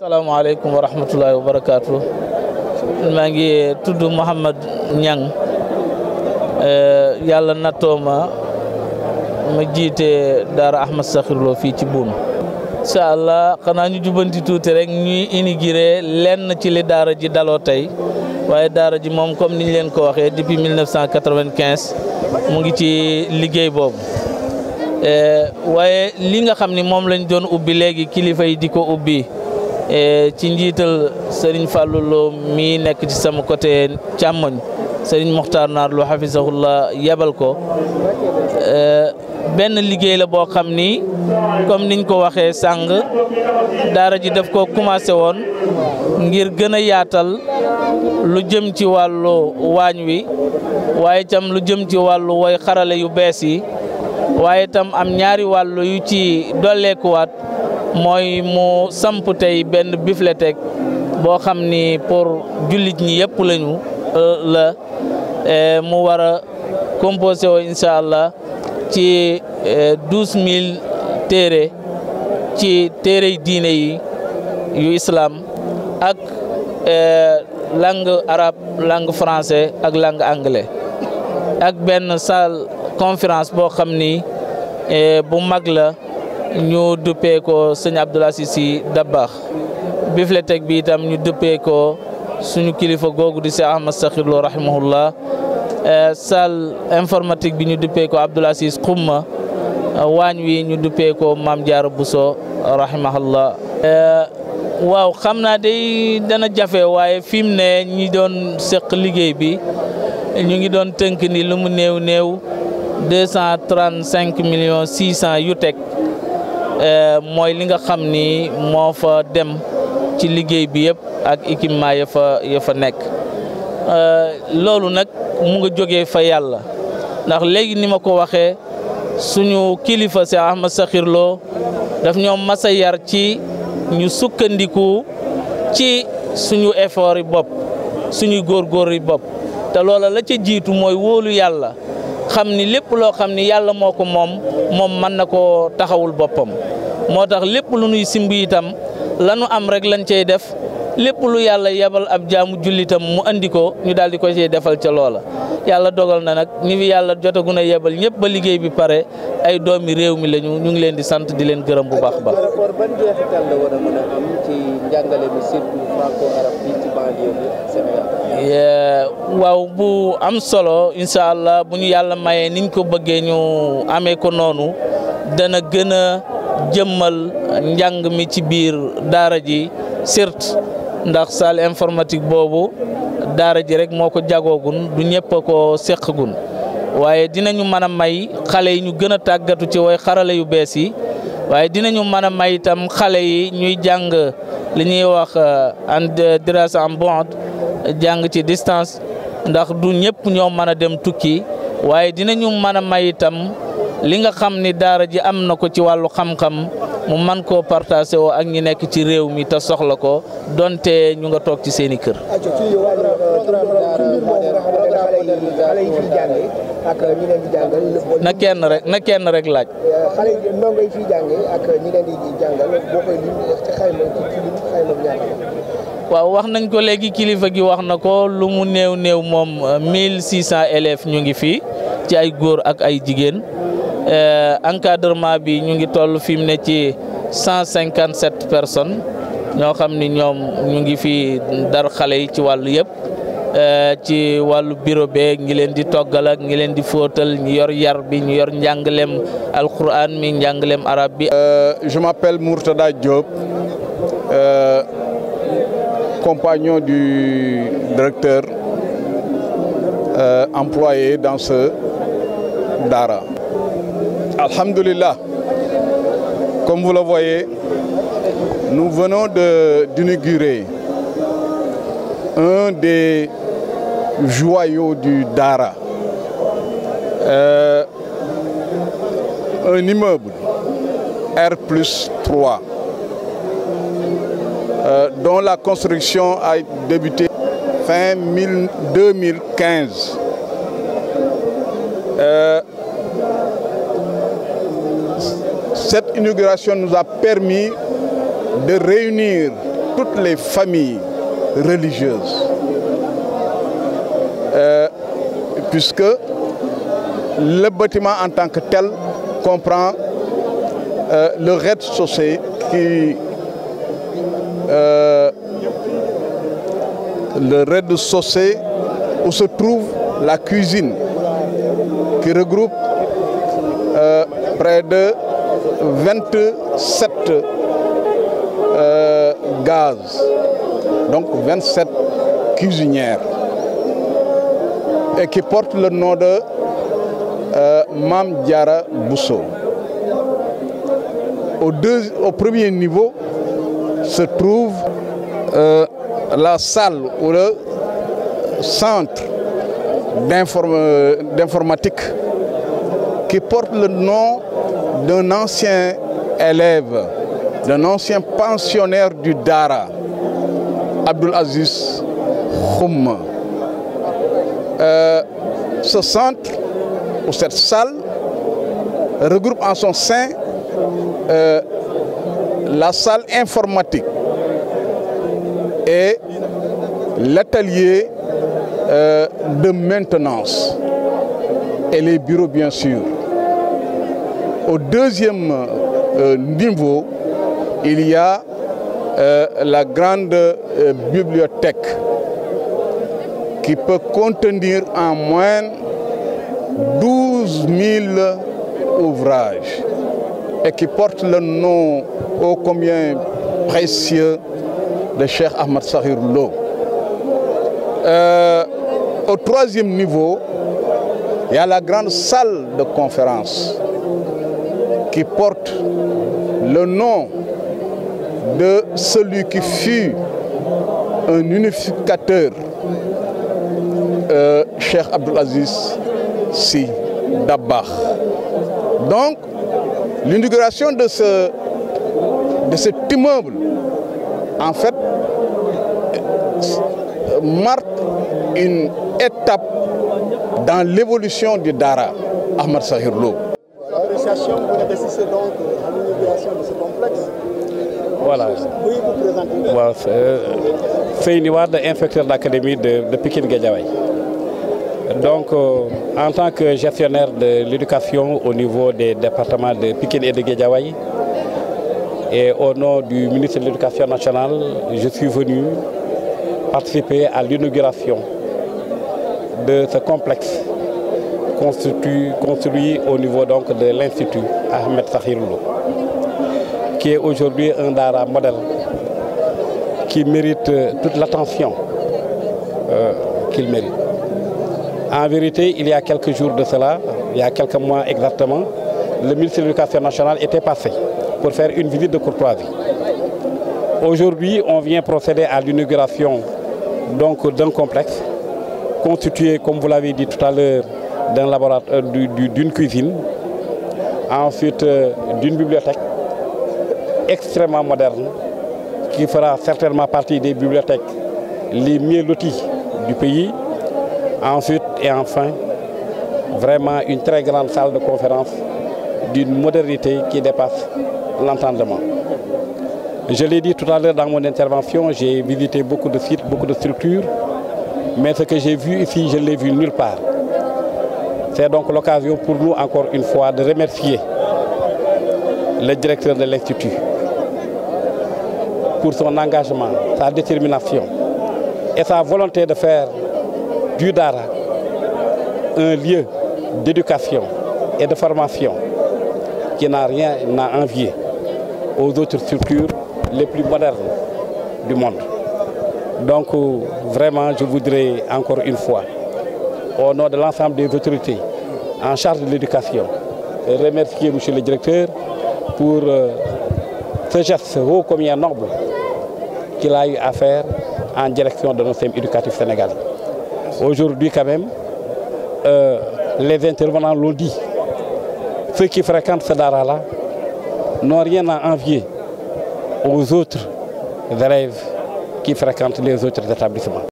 Assalamualaikum warahmatullahi wabarakatuh. wa barakaatu Muhammad Nyang, tudd Mouhamad eh, Niang yàlla nattoo ma ma jiite daara Ahmed Sakhir Lo fii ci boum. incha allah xanaa ñu jubanti tuté rek ñuy inauguré lenn ci li dara ji dalo tay. Waye dara ji mom comme niñ leen ko waxé depuis 1995 mu ngi ci liggéey Euh waye li nga xamni mom lañ doon ubbi légui kilifa yi diko ubbi. E, ci njiital Serigne Fallou Lo nekk ci sama côté càmmoñ Serigne Mokhtar Naar Lo hafizahullah yebal ko e, benn liggéey la boo xam ni comme niñ ko waxee sàng daara ji daf ko commencé woon ngir gën a yaatal lu jëm ci wàllu waañ wi waaye tam lu jëm ci wàllu way xarale yu bees yi waaye tam am ñaari wàllu yu ci dolleekuwaat mooy mu samp tey benn bibliothèque boo xam ni pour jullit ñi yëpp lañu euh, la euh, mu war a composé woo incha allah ci euh, douze mille téere ci téerey diine yi yu islam ak langue arabe langue français ak langue anglais ak benn salle conférence boo xam ni bu mag la. ñu duppee sëñ Abdoul Aziz Sy Dabakh Bibliothèque bi itam ñu duppee suñu kilifa googu di si Ahmad Sakhir Lo rahimahullah eh, salle informatique bi ñu duppee ko Abdoul Aziz Xumma eh, waañ wi ñu duppee ko Maam Jaara Buso rahimahullah eh, waaw xam naa day dana jafe waaye fi ne ñi doon seq liggéey bi ñu ngi doon tënk ni lu mu néew néew million cent cinq millions six Euh, mooy li nga xam ni moo fa dem ci liggéey bi yëpp ak équipement ya fa ya fa nekk euh, loolu nag mu nga jóge fa yàlla ndax léegi ni ma ko waxee suñu kilifa si Ahmad Sakhir Lo daf ñoo yar ci ñu sukkandiku ci suñu effort yi bopp suñu góorgóor yi bopp te loola la ca jiitu mooy wóolu yàlla xam ni lépp loo xam ni yàlla moo ko moom moom mën na koo taxawul boppam moo tax lépp lu nuy simb itam lanu am rek lañ cey def lépp lu yàlla yebal ab jaamu jullitam mu andi ko ñu daal di ko cey defal ca loola yàlla dogal na nag ñi fi yàlla jotagu na yebal ñëpp ba liggéey bi pare ay doomi réew mi lañu ñu ngi leen di sant di leen gërëm bu baax ba waaw bu am solo incha allah bu ñu yàlla mayee niñ ko bëggee ñu amee ko noonu dana gën a jëmmal njàng mi ci biir daara ji surtout ndax salle informatique boobu daara ji rek moo ko jagoogun du ñëpp a ko seqagun waaye dinañu mën may xale yi ñu gën a tàggatu ci way xarala yu bees yi. waaye dinañu mën a mayitam xale yi ñuy jàng li ñuy wax euh, en direct en bond jàng ci distance ndax du ñëpp ñoo mën a dem tukki waaye dinañu mën a mayitam li nga xam ni daara ji am na ko ci wàllu xam-xam mu man koo partagé woo ak ñi nekk ci réew mi ta soxla ko donte ñu nga toog ci seeni kër. na rek na rek laaj. waaw wax nañ ko léegi kilifa gi wax na ko lu mu néew néew moom euh, cent élèves ñu ngi fii ci ay góor ak ay jigéen euh, encadrement bi ñu ngi toll fi mu ne ci 157 personnes ñoo xam ni ñoom ñu ngi fi dar xale yi ci wàllu yëpp. Euh, euh, je m'appelle Murtada Diop euh, compagnon du directeur employé dans ce Dara Alhamdulillah, comme vous le voyez, nous venons de d'inaugurer un des joyau du Dara. Euh, un immeuble R plus 3 euh, dont la construction a débuté fin 2015. Euh, cette inauguration nous a permis de réunir toutes les familles religieuses puisque le bâtiment en tant que tel comprend euh, le rez-de-chaussée qui euh, le rez de où se trouve la cuisine qui regroupe euh, près de 27 gaz, donc 27 cuisinières et qui porte le nom de euh, Mam Bousso. Au, premier niveau se trouve euh, la salle ou le centre d'informatique qui porte le nom d'un ancien élève, d'un ancien pensionnaire du Dara, Abdul Aziz Khoum. Euh, ce centre ou cette salle regroupe en son sein euh, la salle informatique et l'atelier euh, de maintenance et les bureaux bien sûr. Au deuxième niveau, il y a la grande bibliothèque qui peut contenir en moins 12 000 ouvrages et qui porte le nom ô combien précieux de Cheikh Ahmad Sahir Lo. Euh, au troisième niveau, il y a la grande salle de conférence qui porte le nom de celui qui fut un unificateur euh, Cheikh Abdelaziz Si Dabar Donc, l'inauguration de, ce, de cet immeuble, en fait, marque une étape dans l'évolution du Dara, Ahmad Sahir Lou. Euh, voilà. Oui, vous présentez. Voilà, c'est une euh, de inspecteur d'académie de, de Pékin Gadjaway. Donc, euh, en tant que gestionnaire de l'éducation au niveau des départements de Pikine et de Guédiawaye, et au nom du ministre de l'Éducation nationale, je suis venu participer à l'inauguration de ce complexe construit, au niveau donc de l'Institut Ahmed Sahirullo, qui est aujourd'hui un dara modèle qui mérite toute l'attention euh, qu'il mérite. En vérité, il y a quelques jours de cela, il y a quelques mois exactement, le ministre de l'Éducation nationale était passé pour faire une visite de courtoisie. Aujourd'hui, on vient procéder à l'inauguration d'un complexe constitué, comme vous l'avez dit tout à l'heure, d'un laboratoire, euh, d'une cuisine, ensuite euh, d'une bibliothèque extrêmement moderne qui fera certainement partie des bibliothèques les mieux loties du pays Ensuite et enfin, vraiment une très grande salle de conférence d'une modernité qui dépasse l'entendement. Je l'ai dit tout à l'heure dans mon intervention, j'ai visité beaucoup de sites, beaucoup de structures, mais ce que j'ai vu ici, je ne l'ai vu nulle part. C'est donc l'occasion pour nous, encore une fois, de remercier le directeur de l'Institut pour son engagement, sa détermination et sa volonté de faire du un lieu d'éducation et de formation qui n'a rien à envier aux autres structures les plus modernes du monde. Donc vraiment, je voudrais encore une fois, au nom de l'ensemble des autorités en charge de l'éducation, remercier M. le Directeur pour euh, ce geste haut combien noble qu'il a eu à faire en direction de nos éducatif sénégalais. Aujourd'hui, quand même, euh, les intervenants l'ont dit. Ceux qui fréquentent ce dara-là n'ont rien à envier aux autres élèves qui fréquentent les autres établissements.